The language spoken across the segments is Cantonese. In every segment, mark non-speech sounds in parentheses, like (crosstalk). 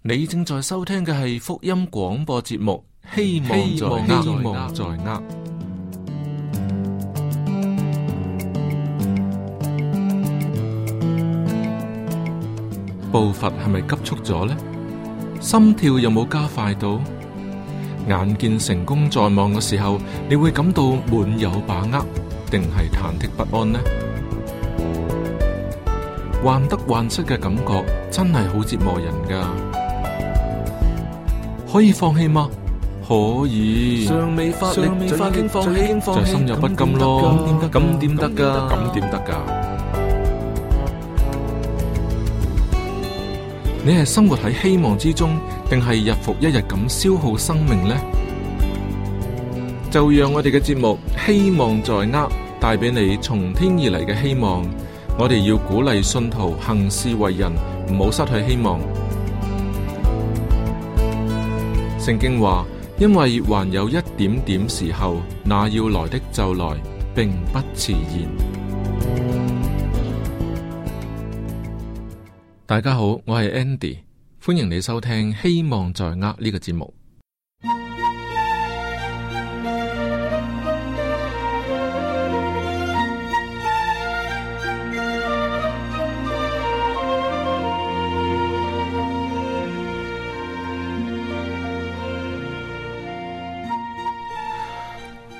你正在收聽嘅係福音廣播節目，希望希望在握。步伐係咪急促咗呢？心跳有冇加快到？眼見成功在望嘅時候，你會感到滿有把握，定係忐忑不安呢？患得患失嘅感覺真係好折磨人噶。可以放棄嗎？可以，未發未發就心有不甘咯。咁點得？咁點得噶？咁點得噶？你係生活喺希望之中，定係日復一日咁消耗生命呢？就讓我哋嘅節目《希望在握》帶俾你從天而嚟嘅希望。我哋要鼓勵信徒行事為人，唔好失去希望。聖經話，因為還有一點點時候，那要來的就來，並不遲延。大家好，我係 Andy，歡迎你收聽《希望在握》呢個節目。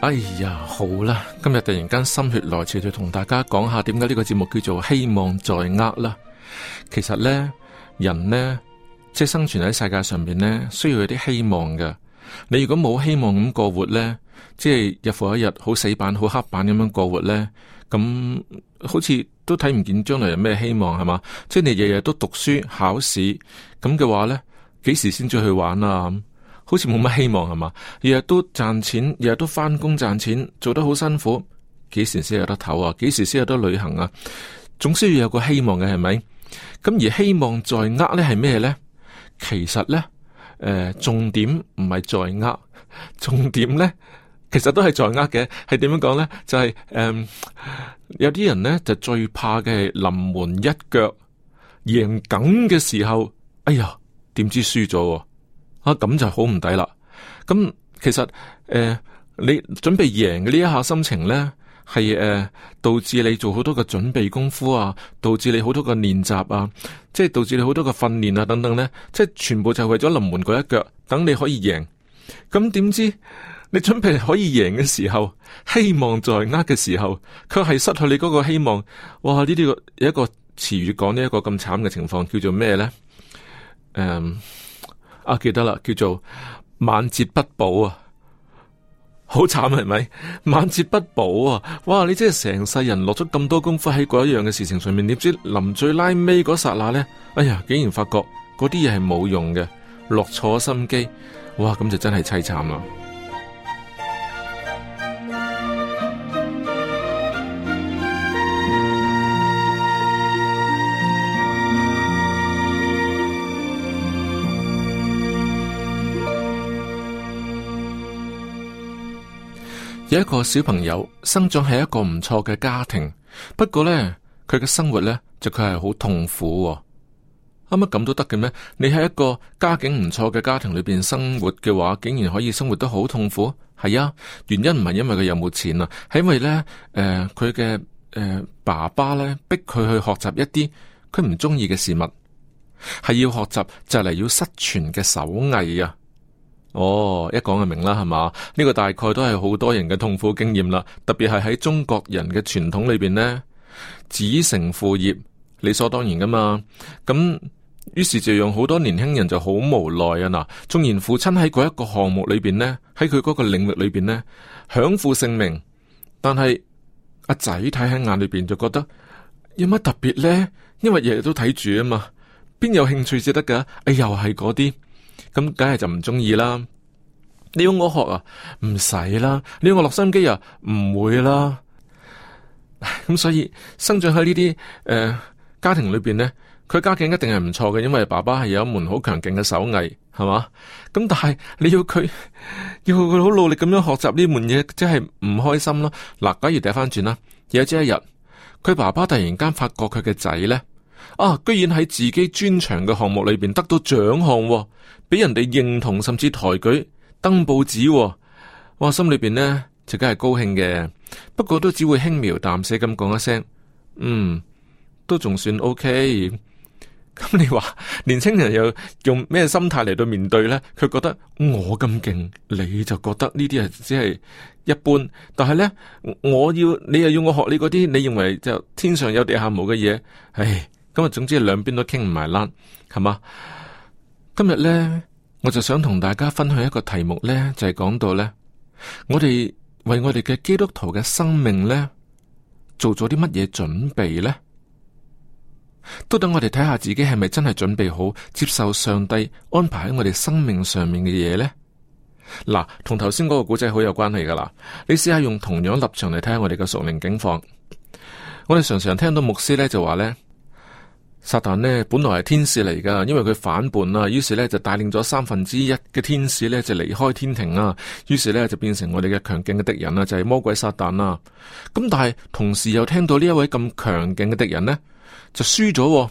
哎呀，好啦，今日突然間心血來潮，就同大家講下點解呢個節目叫做希望在握啦。其實呢，人呢，即係生存喺世界上面呢，需要有啲希望嘅。你如果冇希望咁過活呢，即係日復一日好死板、好黑板咁樣過活呢，咁好似都睇唔見將來有咩希望係嘛？即係你日日都讀書考試咁嘅話呢，幾時先再去玩啊？好似冇乜希望係嘛？日日都賺錢，日日都翻工賺錢，做得好辛苦，幾時先有得唞啊？幾時先有得旅行啊？總需要有個希望嘅，係咪？咁而希望在握咧係咩咧？其實咧，誒、呃、重點唔係在握，重點咧其實都係在握嘅。係點樣講咧？就係、是、誒、嗯，有啲人咧就最怕嘅係臨門一腳贏梗嘅時候，哎呀，點知輸咗、啊。啊咁就好唔抵啦！咁、嗯、其實誒、呃，你準備贏嘅呢一下心情呢，係誒、呃、導致你做好多個準備功夫啊，導致你好多嘅練習啊，即係導致你好多嘅訓練啊等等呢，即係全部就係為咗臨門嗰一腳，等你可以贏。咁、嗯、點知你準備可以贏嘅時候，希望在握嘅時候，佢係失去你嗰個希望。哇！呢啲個有一個詞語講呢一個咁慘嘅情況叫做咩呢？誒、嗯。啊，記得啦，叫做晚節不保啊，好慘係咪？晚節不保啊，哇！你真係成世人落咗咁多功夫喺嗰一樣嘅事情上面，點知臨最拉尾嗰剎那咧，哎呀，竟然發覺嗰啲嘢係冇用嘅，落錯心機，哇！咁就真係凄慘啦～有一個小朋友生長喺一個唔錯嘅家庭，不過呢，佢嘅生活呢，就佢係好痛苦，哦。啱乜咁都得嘅咩？你喺一個家境唔錯嘅家庭裏邊生活嘅話，竟然可以生活得好痛苦？係啊，原因唔係因為佢有冇錢啊，係因為呢，誒佢嘅誒爸爸呢，逼佢去學習一啲佢唔中意嘅事物，係要學習就嚟要失傳嘅手藝啊！哦，一講就明啦，係嘛？呢個大概都係好多人嘅痛苦經驗啦，特別係喺中國人嘅傳統裏邊呢，子承父業理所當然噶嘛。咁於是就讓好多年輕人就好無奈啊！嗱，縱然父親喺嗰一個項目裏邊呢，喺佢嗰個領域裏邊呢，享負盛名，但係阿仔睇喺眼裏邊就覺得有乜特別呢？因為日日都睇住啊嘛，邊有興趣至得噶？哎，又係嗰啲。咁梗係就唔中意啦！你要我學啊，唔使啦；你要我落心機啊，唔會啦。咁 (laughs) 所以生長喺呢啲誒家庭裏邊呢，佢家境一定係唔錯嘅，因為爸爸係有一門好強勁嘅手藝，係嘛？咁但係你要佢要佢好努力咁樣學習呢門嘢，即係唔開心咯。嗱、啊，假如掉翻轉啦，有朝一日佢爸爸突然間發覺佢嘅仔呢。啊！居然喺自己專長嘅項目裏邊得到獎項，哦，俾人哋認同甚至抬舉登報紙，哦，哇心裏邊呢，就梗係高興嘅。不過都只會輕描淡寫咁講一聲，嗯，都仲算 OK。咁你話，年青人又用咩心態嚟到面對呢？佢覺得我咁勁，你就覺得呢啲係只係一般。但係呢，我要你又要我學你嗰啲，你認為就天上有地下無嘅嘢，唉。咁啊，總之兩邊都傾唔埋啦，係嘛？今日呢，我就想同大家分享一個題目呢就係、是、講到呢，我哋為我哋嘅基督徒嘅生命呢，做咗啲乜嘢準備呢？都等我哋睇下自己係咪真係準備好接受上帝安排喺我哋生命上面嘅嘢呢。嗱，同頭先嗰個故仔好有關係噶啦。你試下用同樣立場嚟，睇下我哋嘅屬靈境況。我哋常常聽到牧師呢就話呢。撒旦呢，本來係天使嚟噶，因為佢反叛啦，於是呢，就帶領咗三分之一嘅天使呢，就離開天庭啦，於是呢，就變成我哋嘅強勁嘅敵人啦，就係、是、魔鬼撒旦啦。咁、嗯、但係同時又聽到呢一位咁強勁嘅敵人呢，就輸咗、哦，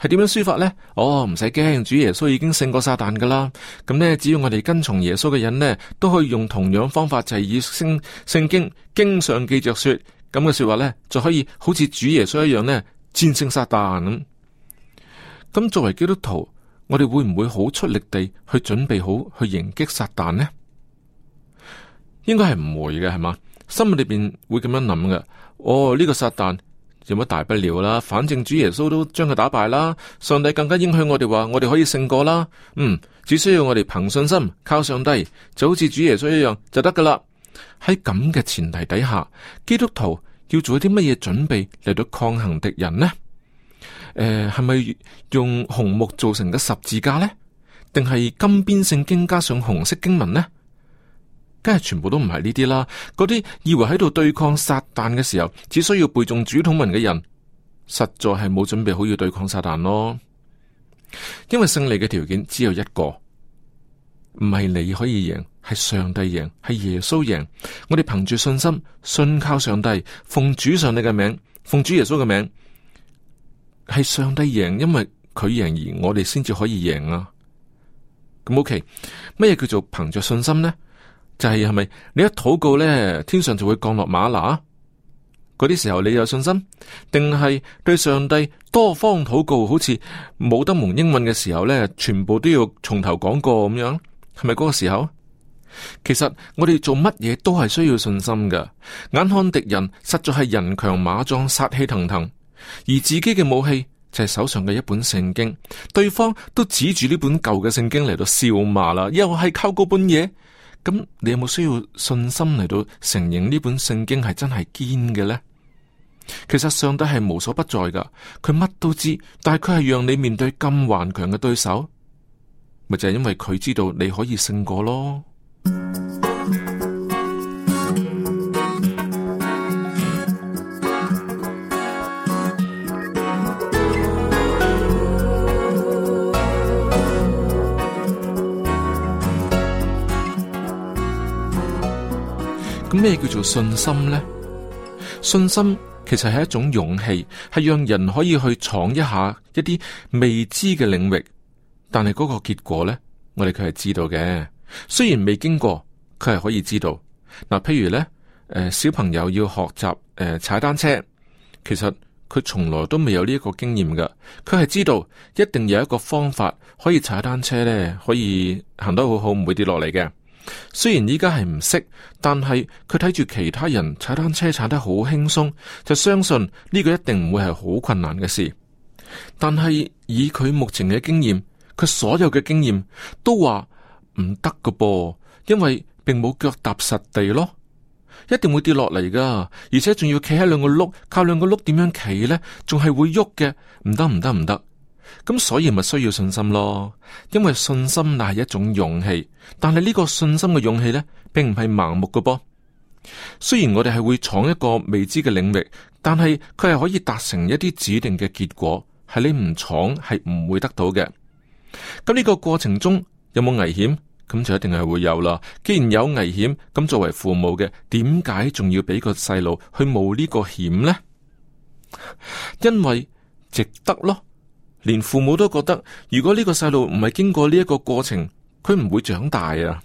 係點樣輸法呢？哦，唔使驚，主耶穌已經勝過撒旦噶啦。咁、嗯、呢，只要我哋跟從耶穌嘅人呢，都可以用同樣方法，就係、是、以聖聖經經上記着說咁嘅說話呢，就可以好似主耶穌一樣呢，戰勝撒旦咁。咁作為基督徒，我哋會唔會好出力地去準備好去迎擊撒旦呢？應該係唔會嘅，係嘛？心裏邊會咁樣諗嘅。哦，呢個撒旦有乜大不了啦？反正主耶穌都將佢打敗啦。上帝更加應許我哋話，我哋可以勝過啦。嗯，只需要我哋憑信心靠上帝，就好似主耶穌一樣就得噶啦。喺咁嘅前提底下，基督徒要做一啲乜嘢準備嚟到抗衡敵人呢？誒，係咪、呃、用紅木做成嘅十字架呢？定係金邊聖經加上紅色經文呢？梗係全部都唔係呢啲啦。嗰啲以為喺度對抗撒旦嘅時候，只需要背誦主禱文嘅人，實在係冇準備好要對抗撒旦咯。因為勝利嘅條件只有一個，唔係你可以贏，係上帝贏，係耶穌贏。我哋憑住信心，信靠上帝，奉主上帝嘅名，奉主耶穌嘅名。係上帝贏，因為佢贏而我哋先至可以贏啊！咁 OK，乜嘢叫做憑着信心呢？就係，係咪你一禱告咧，天上就會降落馬拿？嗰啲時候你有信心，定係對上帝多方禱告？好似冇得蒙英文嘅時候咧，全部都要從頭講過咁樣，係咪嗰個時候？其實我哋做乜嘢都係需要信心㗎。眼看敵人實在係人強馬壯，殺氣騰騰。而自己嘅武器就係手上嘅一本聖經，對方都指住呢本舊嘅聖經嚟到笑罵啦，又係靠嗰本嘢，咁你有冇需要信心嚟到承認呢本聖經係真係堅嘅呢？其實上帝係無所不在噶，佢乜都知，但係佢係讓你面對咁頑強嘅對手，咪就係、是、因為佢知道你可以勝過咯。咩叫做信心咧？信心其實係一種勇氣，係讓人可以去闖一下一啲未知嘅領域。但係嗰個結果呢，我哋佢係知道嘅。雖然未經過，佢係可以知道。嗱，譬如呢，誒、呃、小朋友要學習誒踩單車，其實佢從來都未有呢一個經驗㗎。佢係知道一定有一個方法可以踩單車呢，可以行得好好，唔會跌落嚟嘅。雖然依家係唔識，但係佢睇住其他人踩單車踩得好輕鬆，就相信呢個一定唔會係好困難嘅事。但係以佢目前嘅經驗，佢所有嘅經驗都話唔得噶噃，因為並冇腳踏實地咯，一定會跌落嚟噶。而且仲要企喺兩個碌，靠兩個碌點樣企呢？仲係會喐嘅，唔得唔得唔得。咁所以咪需要信心咯，因為信心乃係一種勇氣，但係呢個信心嘅勇氣呢，並唔係盲目嘅噃。雖然我哋係會闖一個未知嘅領域，但係佢係可以達成一啲指定嘅結果，係你唔闖係唔會得到嘅。咁呢個過程中有冇危險？咁就一定係會有啦。既然有危險，咁作為父母嘅，點解仲要俾個細路去冒呢個險呢？因為值得咯。連父母都覺得，如果呢個細路唔係經過呢一個過程，佢唔會長大啊！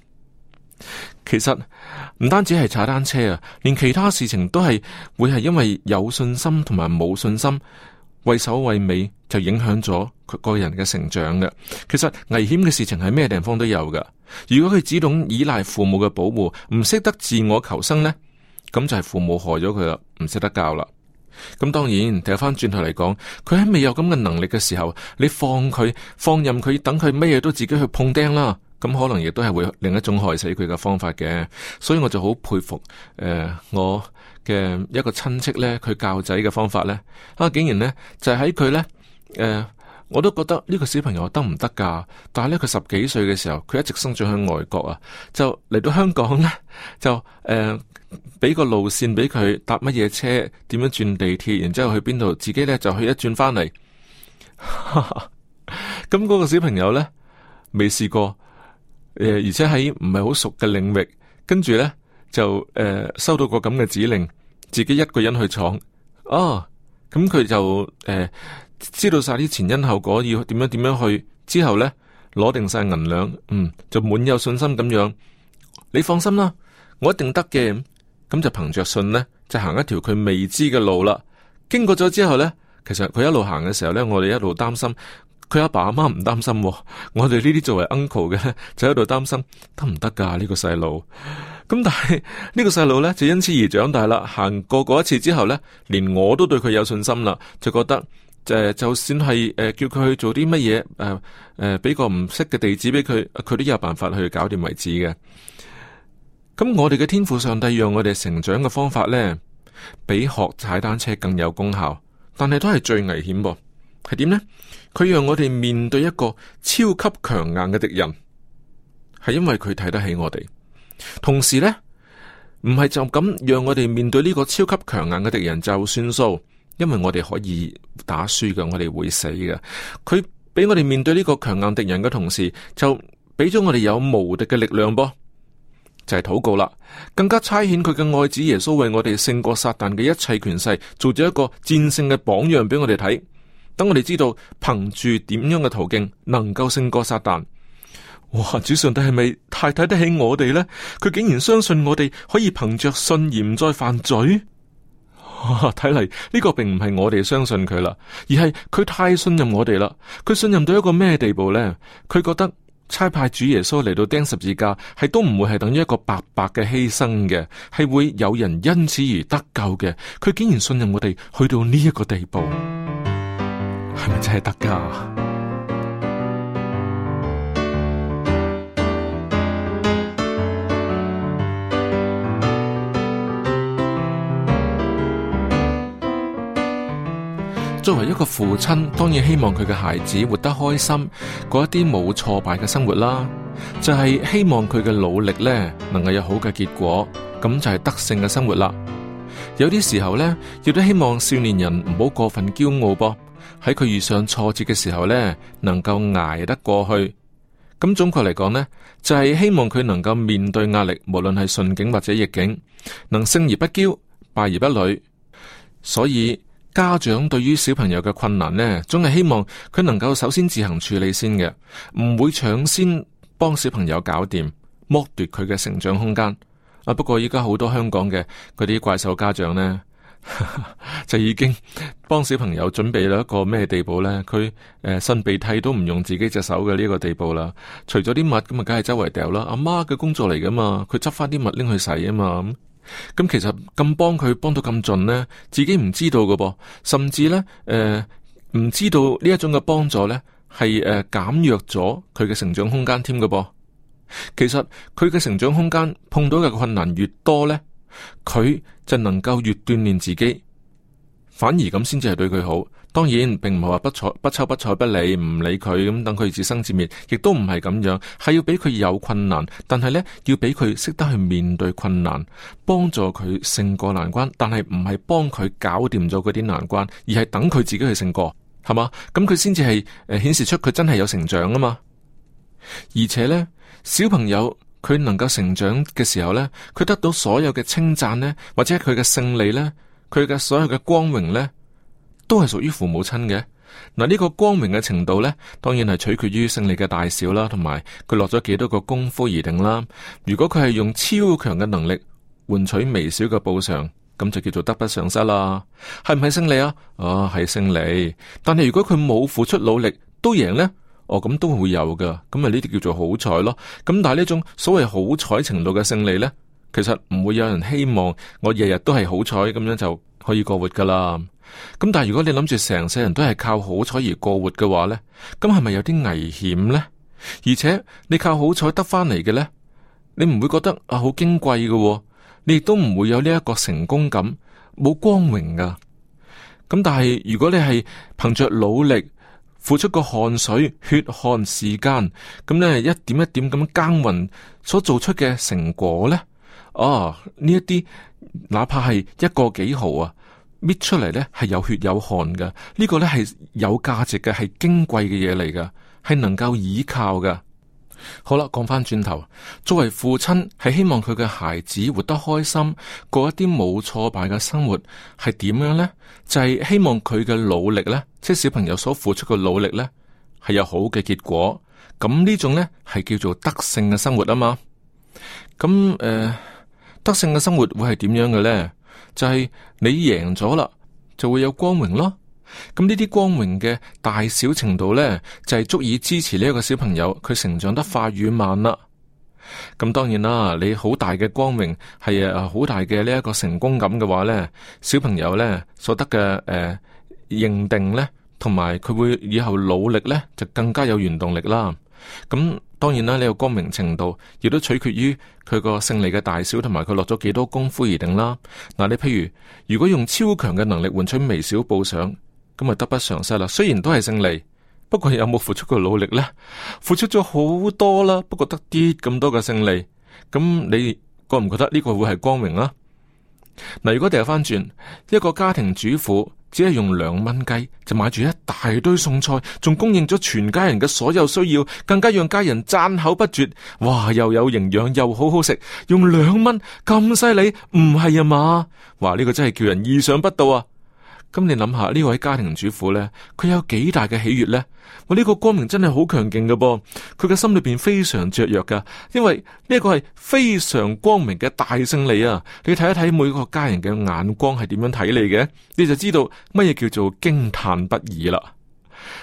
其實唔單止係踩單車啊，連其他事情都係會係因為有信心同埋冇信心，畏首畏尾就影響咗佢個人嘅成長嘅。其實危險嘅事情係咩地方都有噶。如果佢只懂依賴父母嘅保護，唔識得自我求生呢，咁就係父母害咗佢啦，唔識得教啦。咁當然，掉翻轉頭嚟講，佢喺未有咁嘅能力嘅時候，你放佢放任佢等佢咩嘢都自己去碰釘啦，咁可能亦都係會另一種害死佢嘅方法嘅。所以我就好佩服誒、呃，我嘅一個親戚呢，佢教仔嘅方法呢，啊竟然呢就喺、是、佢呢。誒、呃。我都覺得呢個小朋友得唔得㗎？但係呢，佢十幾歲嘅時候，佢一直生長喺外國啊，就嚟到香港呢，就誒、俾、呃、個路線俾佢搭乜嘢車，點樣轉地鐵，然之後去邊度，自己呢就去一轉翻嚟。咁 (laughs) 嗰個小朋友呢，未試過誒、呃，而且喺唔係好熟嘅領域，跟住呢，就誒、呃，收到個咁嘅指令，自己一個人去闖。哦，咁佢就誒。呃知道晒啲前因後果，要點樣點樣去之後呢，攞定晒銀兩，嗯，就滿有信心咁樣。你放心啦，我一定得嘅。咁就憑着信呢，就行一條佢未知嘅路啦。經過咗之後呢，其實佢一路行嘅時候呢，我哋一路擔心佢阿爸阿媽唔擔心，爸爸媽媽擔心哦，、我哋呢啲作為 uncle 嘅就喺度擔心得唔得㗎呢個細路。咁、嗯、但係呢、呢個細路呢，就因此而長大啦。行過嗰一次之後呢，連我都對佢有信心啦，就覺得。就算係誒叫佢去做啲乜嘢，誒誒，俾，啊啊、個唔識嘅地址俾佢，佢都有辦法去搞掂為止嘅。咁我哋嘅天父上帝讓我哋成長嘅方法呢，比學踩單車更有功效，但係都係最危險噃。係點呢？佢讓我哋面對一個超級強硬嘅敵人，係因為佢睇得起我哋。同時呢，唔係就咁讓我哋面對呢個超級強硬嘅敵人就算數。因為我哋可以打輸嘅，我哋會死嘅。佢俾我哋面對呢個強硬敵人嘅同時，就俾咗我哋有無敵嘅力量噃。就係禱告啦。更加差遣佢嘅愛子耶穌為我哋勝過撒旦嘅一切權勢，做咗一個戰勝嘅榜樣俾我哋睇，等我哋知道憑住點樣嘅途徑能夠勝過撒旦。哇！主上帝係咪太睇得起我哋呢？佢竟然相信我哋可以憑着信而唔再犯罪。睇嚟呢個並唔係我哋相信佢啦，而係佢太信任我哋啦。佢信任到一個咩地步呢？佢覺得差派主耶穌嚟到釘十字架，係都唔會係等於一個白白嘅犧牲嘅，係會有人因此而得救嘅。佢竟然信任我哋去到呢一個地步，係咪真係得㗎？作為一個父親，當然希望佢嘅孩子活得開心，過一啲冇挫敗嘅生活啦。就係希望佢嘅努力呢，能夠有好嘅結果，咁就係得勝嘅生活啦。有啲時候呢，亦都希望少年人唔好過分驕傲噃，喺佢遇上挫折嘅時候呢，能夠捱得過去。咁，總括嚟講呢，就係希望佢能夠面對壓力，無論係順境或者逆境，能勝而不驕，敗而不餒。所以。家長對於小朋友嘅困難呢，總係希望佢能夠首先自行處理先嘅，唔會搶先幫小朋友搞掂，剝奪佢嘅成長空間。啊，不過依家好多香港嘅嗰啲怪獸家長呢， (laughs) 就已經幫小朋友準備到一個咩地步呢？佢誒擤鼻涕都唔用自己隻手嘅呢個地步啦。除咗啲物咁啊，梗係周圍掉啦。阿媽嘅工作嚟噶嘛，佢執翻啲物拎去洗啊嘛。咁其實咁幫佢幫到咁盡呢，自己唔知道㗎噃，甚至呢，誒、呃、唔知道呢一種嘅幫助呢，係誒減弱咗佢嘅成長空間添㗎噃。其實佢嘅成長空間碰到嘅困難越多呢，佢就能夠越鍛煉自己。反而咁先至係對佢好，當然並唔係話不睬不抽不睬不，不理唔理佢咁等佢自生自滅，亦都唔係咁樣，係要俾佢有困難，但係呢，要俾佢識得去面對困難，幫助佢勝過難關，但係唔係幫佢搞掂咗嗰啲難關，而係等佢自己去勝過，係嘛？咁佢先至係誒顯示出佢真係有成長啊嘛！而且呢，小朋友佢能夠成長嘅時候呢，佢得到所有嘅稱讚呢，或者佢嘅勝利呢。佢嘅所有嘅光榮呢，都係屬於父母親嘅。嗱，呢個光榮嘅程度呢，當然係取決於勝利嘅大小啦，同埋佢落咗幾多個功夫而定啦。如果佢係用超強嘅能力換取微小嘅補償，咁就叫做得不償失啦。係唔係勝利啊？啊，係勝利。但係如果佢冇付出努力都贏呢？哦，咁都會有噶。咁啊呢啲叫做好彩咯。咁但係呢種所謂好彩程度嘅勝利呢？其實唔會有人希望我日日都係好彩咁樣就可以過活噶啦。咁但係如果你諗住成世人都係靠好彩而過活嘅話呢，咁係咪有啲危險呢？而且你靠好彩得翻嚟嘅呢，你唔會覺得啊好矜貴嘅？你亦都唔會有呢一個成功感，冇光榮噶。咁但係如果你係憑着努力付出個汗水、血汗時間、時間咁你係，一點一點咁耕耘所做出嘅成果呢。哦，呢一啲，哪怕係一個幾毫，啊，搣出嚟呢，係有血有汗嘅，呢個呢係有價值嘅，係矜貴嘅嘢嚟噶，係能夠依靠嘅。好啦，講翻轉頭，作為父親係希望佢嘅孩子活得開心，過一啲冇挫敗嘅生活，係點樣呢？就係希望佢嘅努力呢，即係小朋友所付出嘅努力呢，係有好嘅結果。咁呢種呢，係叫做德性嘅生活啊嘛。咁誒。呃得勝嘅生活會係點樣嘅呢？就係、是、你贏咗啦，就會有光榮咯。咁呢啲光榮嘅大小程度呢，就係、是、足以支持呢一個小朋友佢成長得快與慢啦。咁當然啦，你好大嘅光榮係啊好大嘅呢一個成功感嘅話呢，小朋友呢所得嘅誒、呃、認定呢，同埋佢會以後努力呢，就更加有原動力啦。咁當然啦，你個光明程度亦都取決於佢個勝利嘅大小，同埋佢落咗幾多功夫而定啦。嗱，你譬如如果用超強嘅能力換取微小報賞，咁咪得不償失啦。雖然都係勝利，不過有冇付出過努力呢？付出咗好多啦，不過得啲咁多嘅勝利，咁你覺唔覺得呢個會係光明啊？嗱，如果掉翻轉，一個家庭主婦只係用兩蚊雞就買住一大堆餸菜，仲供應咗全家人嘅所有需要，更加讓家人讚口不絕。哇，又有營養又好好食，用兩蚊咁犀利，唔係啊嘛？話呢個真係叫人意想不到啊！咁你諗下呢位家庭主婦呢，佢有幾大嘅喜悅呢？我、這、呢個光明真係好強勁噶、哦，噃佢嘅心裏邊非常雀躍噶，因為呢個係非常光明嘅大勝利啊！你睇一睇每個家人嘅眼光係點樣睇你嘅，你就知道乜嘢叫做驚嘆不已啦。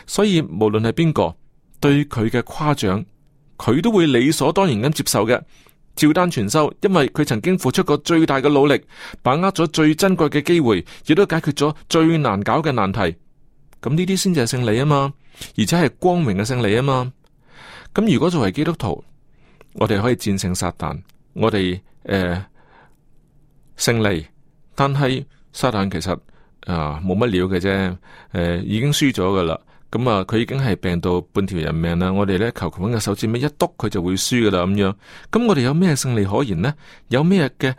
所以無論係邊個對佢嘅誇獎，佢都會理所當然咁接受嘅。照單全收，因為佢曾經付出過最大嘅努力，把握咗最珍貴嘅機會，亦都解決咗最難搞嘅難題。咁呢啲先至係勝利啊嘛，而且係光明嘅勝利啊嘛。咁如果作為基督徒，我哋可以戰勝撒旦，我哋誒、呃、勝利。但係撒旦其實啊冇乜料嘅啫，誒、呃、已經輸咗噶啦。咁啊，佢、嗯、已經係病到半條人命啦！我哋咧求求穩個手指尾一督，佢就會輸噶啦咁樣。咁、嗯、我哋有咩勝利可言呢？有咩嘅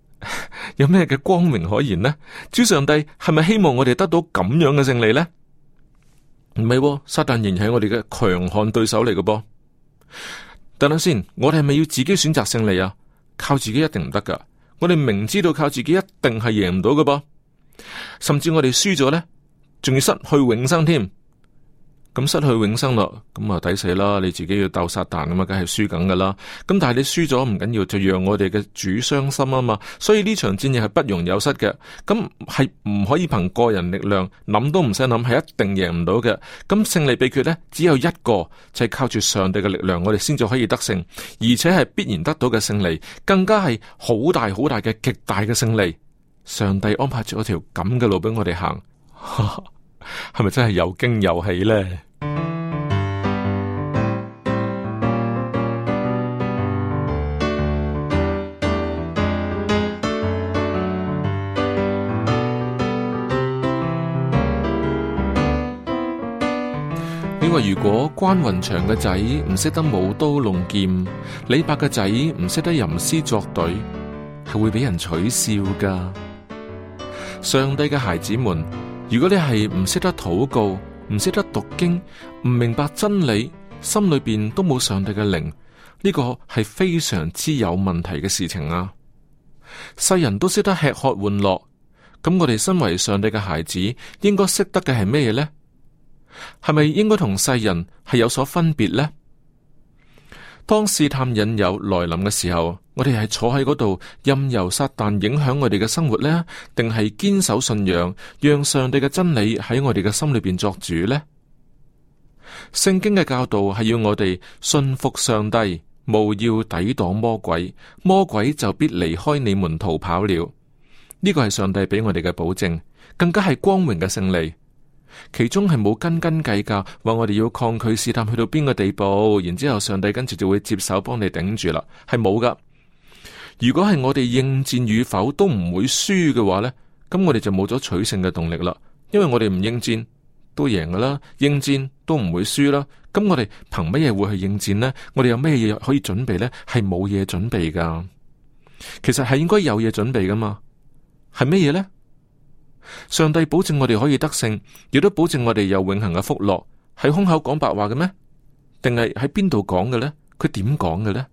(laughs) 有咩嘅光明可言呢？主上帝係咪希望我哋得到咁樣嘅勝利呢？唔係，撒旦仍然係我哋嘅強悍對手嚟嘅噃。等等先，我哋係咪要自己選擇勝利啊？靠自己一定唔得噶，我哋明知道靠自己一定係贏唔到嘅噃。甚至我哋輸咗咧，仲要失去永生添。咁失去永生啦，咁啊抵死啦！你自己要鬥撒旦啊嘛，梗係輸緊噶啦。咁但係你輸咗唔緊要，就讓我哋嘅主傷心啊嘛。所以呢場戰役係不容有失嘅，咁係唔可以憑個人力量諗都唔使諗，係一定贏唔到嘅。咁、嗯、勝利秘訣咧，只有一個，就係、是、靠住上帝嘅力量，我哋先就可以得勝，而且係必然得到嘅勝利，更加係好大好大嘅極大嘅勝利。上帝安排咗一條咁嘅路俾我哋行。 (laughs) 係咪真係有驚有喜咧？你話如果關雲長嘅仔唔識得舞刀弄劍，李白嘅仔唔識得吟詩作對，係會俾人取笑噶。上帝嘅孩子們。如果你係唔識得禱告、唔識得讀經、唔明白真理、心裏邊都冇上帝嘅靈，呢個係非常之有問題嘅事情啊！世人都識得吃喝玩樂，咁我哋身為上帝嘅孩子，應該識得嘅係咩呢？咧？係咪應該同世人係有所分別呢？當試探引誘來臨嘅時候，我哋係坐喺嗰度任由撒旦影響我哋嘅生活呢？定係堅守信仰，讓上帝嘅真理喺我哋嘅心裏邊作主呢？聖經嘅教導係要我哋信服上帝，務要抵擋魔鬼，魔鬼就必離開你們逃跑了。呢個係上帝俾我哋嘅保證，更加係光榮嘅勝利。其中係冇斤斤計較，話我哋要抗拒試探去到邊個地步，然之後上帝跟住就會接手幫你頂住啦，係冇噶。如果係我哋應戰與否都唔會輸嘅話咧，咁我哋就冇咗取勝嘅動力啦。因為我哋唔應戰都贏噶啦，應戰都唔會輸啦。咁我哋憑乜嘢會去應戰呢？我哋有咩嘢可以準備呢？係冇嘢準備噶。其實係應該有嘢準備噶嘛？係乜嘢呢？上帝保證我哋可以得勝，亦都保證我哋有永恆嘅福樂，喺空口講白話嘅咩？定係喺邊度講嘅呢？佢點講嘅呢？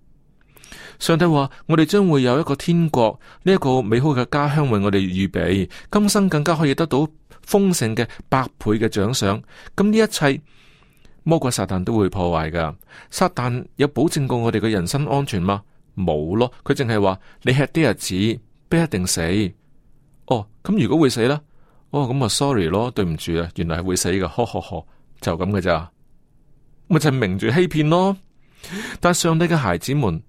上帝話我哋將會有一個天國，呢一個美好嘅家鄉為我哋預備，今生更加可以得到豐盛嘅百倍嘅獎賞。咁呢一切，魔鬼撒旦都會破壞噶。撒旦有保證過我哋嘅人身安全嗎？冇咯，佢淨係話你吃啲日子不一定死。哦，咁如果會死啦？哦，咁啊，sorry 咯，對唔住啊，原來係會死噶，呵呵呵，就咁噶咋，咪就係明住欺騙咯。但上帝嘅孩子們，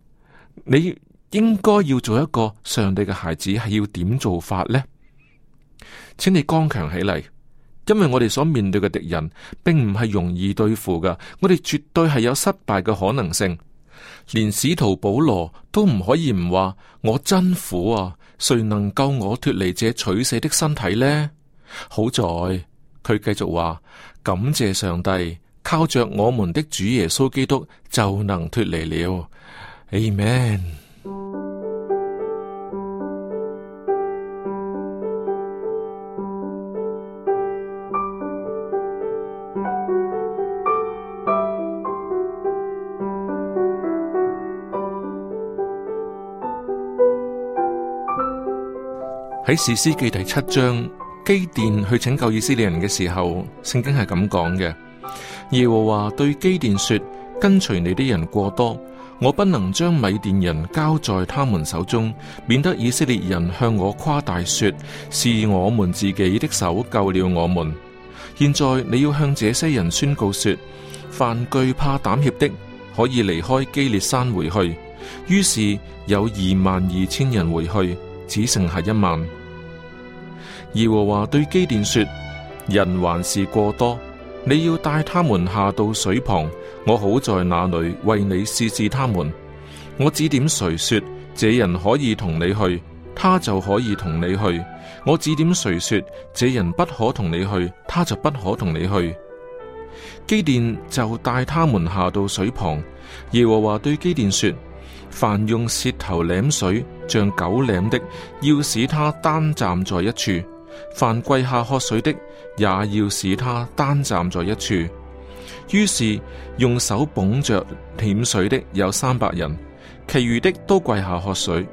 你應該要做一個上帝嘅孩子，係要點做法呢？請你剛強起嚟，因為我哋所面對嘅敵人，並唔係容易對付噶，我哋絕對係有失敗嘅可能性。連使徒保羅都唔可以唔話，我真苦啊！誰能救我脫離這取死的身體呢？好在佢繼續話，感謝上帝，靠着我們的主耶穌基督就能脫離了。Amen。喺《士師記》第七章。基甸去拯救以色列人嘅時候，聖經係咁講嘅：耶和華對基甸說，跟隨你的人過多，我不能將米甸人交在他們手中，免得以色列人向我誇大說是我們自己的手救了我們。現在你要向這些人宣告說，凡懼怕膽怯的可以離開基列山回去。於是有二萬二千人回去，只剩下一萬。耶和華對基甸說：人還是過多，你要帶他們下到水旁，我好在那裏為你試試他們。我指點誰說這人可以同你去，他就可以同你去；我指點誰說這人不可同你去，他就不可同你去。基甸就帶他們下到水旁，耶和華對基甸說：凡用舌頭舔水像狗舔的，要使他單站在一處。凡跪下喝水的，也要使他單站在一處。於是用手捧着舔水的有三百人，其餘的都跪下喝水。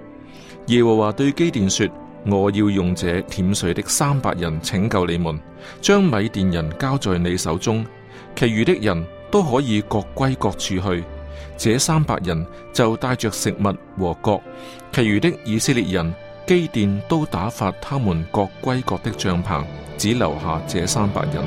耶和華對基甸說：我要用這舔水的三百人拯救你們，將米甸人交在你手中，其餘的人都可以各歸各處去。這三百人就帶着食物和角，其餘的以色列人。基甸都打發他們各歸各的帳棚，只留下這三百人。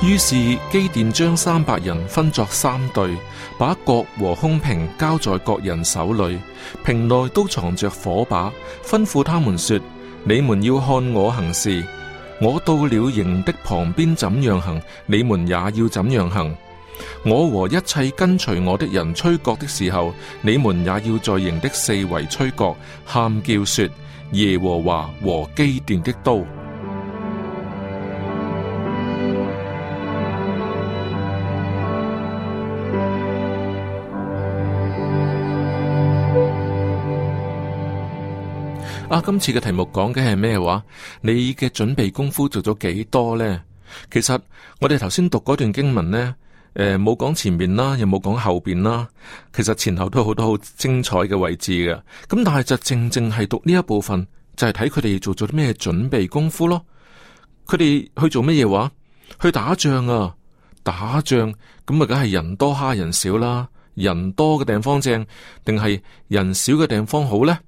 於是基甸將三百人分作三隊，把角和空瓶交在各人手裡，瓶內都藏着火把，吩咐他們說：你們要看我行事，我到了營的旁邊怎樣行，你們也要怎樣行。我和一切跟隨我的人吹角的時候，你們也要在營的四圍吹角，喊叫說耶和華和基甸的刀。啊，今次嘅題目講嘅係咩話？你嘅準備功夫做咗幾多呢？其實我哋頭先讀嗰段經文呢。誒，冇講、呃、前面啦，又冇講後邊啦。其實前後都有好多好精彩嘅位置嘅。咁但係就正正係讀呢一部分，就係睇佢哋做咗啲咩準備功夫咯。佢哋去做乜嘢話？去打仗啊！打仗咁咪梗係人多蝦人少啦。人多嘅地方正，定係人少嘅地方好呢？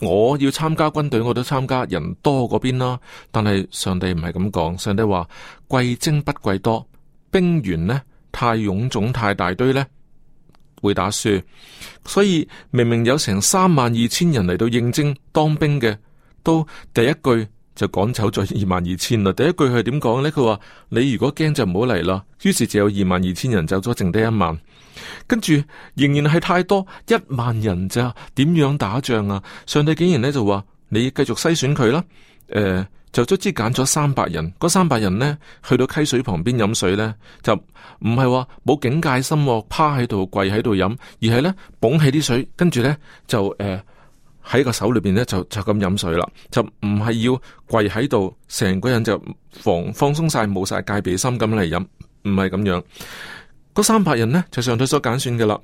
我要參加軍隊，我都參加人多嗰邊啦。但係上帝唔係咁講，上帝話貴精不貴多。兵員咧，太臃腫太大堆咧會打輸，所以明明有成三萬二千人嚟到應徵當兵嘅，都第一句就趕走咗二萬二千啦。第一句係點講呢？佢話你如果驚就唔好嚟啦。於是就有二萬二千人走咗，剩低一萬。跟住仍然係太多，一萬人咋？點樣打仗啊？上帝竟然呢就話你繼續篩選佢啦。誒、呃。就卒之揀咗三百人，嗰三百人呢，去到溪水旁邊飲水呢，就唔係話冇警戒心，哦，趴喺度跪喺度飲，而係呢捧起啲水，跟住呢就誒喺個手裏邊呢，就就咁飲水啦，就唔係要跪喺度，成個人就防放放鬆晒，冇晒戒備心咁嚟飲，唔係咁樣。嗰三百人呢，就上帝所揀選噶啦。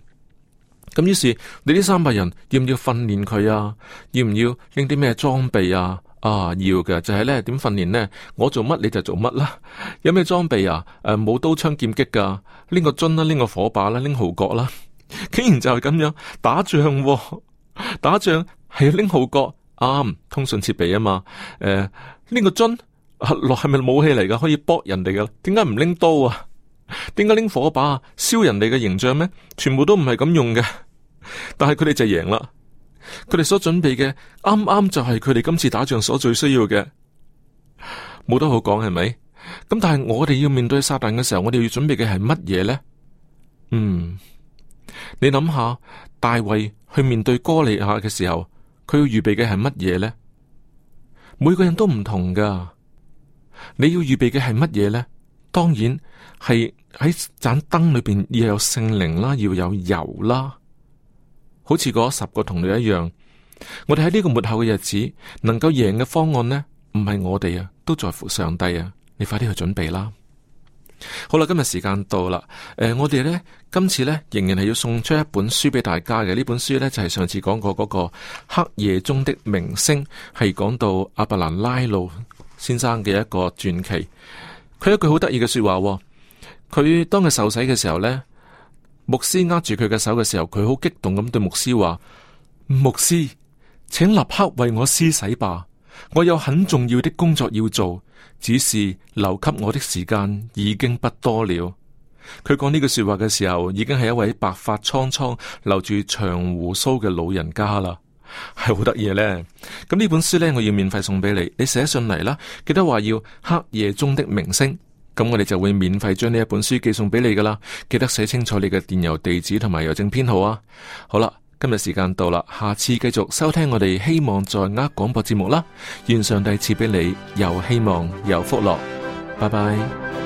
咁於是你呢三百人要唔要訓練佢啊？要唔要拎啲咩裝備啊？啊，要嘅就係、是、咧，點訓練呢？我做乜你就做乜啦？有咩裝備啊？誒、呃，冇刀槍劍戟噶拎個樽啦、啊，拎個火把啦、啊，拎號角啦，竟然就係咁樣打仗？打仗係拎號角啱，通訊設備啊嘛？誒、呃，拎個樽落係咪武器嚟噶？可以搏人哋噶？點解唔拎刀啊？點解拎火把啊？燒人哋嘅形象咩？全部都唔係咁用嘅，但係佢哋就贏啦。佢哋所準備嘅啱啱就係佢哋今次打仗所最需要嘅，冇得好講係咪？咁但係我哋要面對撒旦嘅時候，我哋要準備嘅係乜嘢呢？嗯，你諗下大衛去面對哥利亞嘅時候，佢要預備嘅係乜嘢呢？每個人都唔同噶，你要預備嘅係乜嘢呢？當然係喺盞燈裏邊要有聖靈啦，要有油啦。好似嗰十個同類一樣，我哋喺呢個末後嘅日子能夠贏嘅方案呢，唔係我哋啊，都在乎上帝啊！你快啲去準備啦。好啦，今日時間到啦。誒、呃，我哋呢，今次呢，仍然係要送出一本書俾大家嘅。呢本書呢，就係、是、上次講過嗰、那個《黑夜中的明星》，係講到阿伯蘭拉魯先生嘅一個傳奇。佢有一句好得意嘅說話、哦，佢當佢受洗嘅時候呢。」.牧師握住佢嘅手嘅時候，佢好激動咁對牧師話：牧師，請立刻為我施洗吧，我有很重要的工作要做，只是留給我的時間已經不多了。佢講呢句說話嘅時候，已經係一位白髮蒼蒼、留住長鬍鬚嘅老人家啦，係好得意呢。咁呢本書呢，我要免費送俾你，你寫信嚟啦，記得話要黑夜中的明星。咁我哋就會免費將呢一本書寄送俾你噶啦，記得寫清楚你嘅電郵地址同埋郵政編號啊！好啦，今日時間到啦，下次繼續收聽我哋希望在握廣播節目啦，願上帝賜俾你又希望又福樂，拜拜。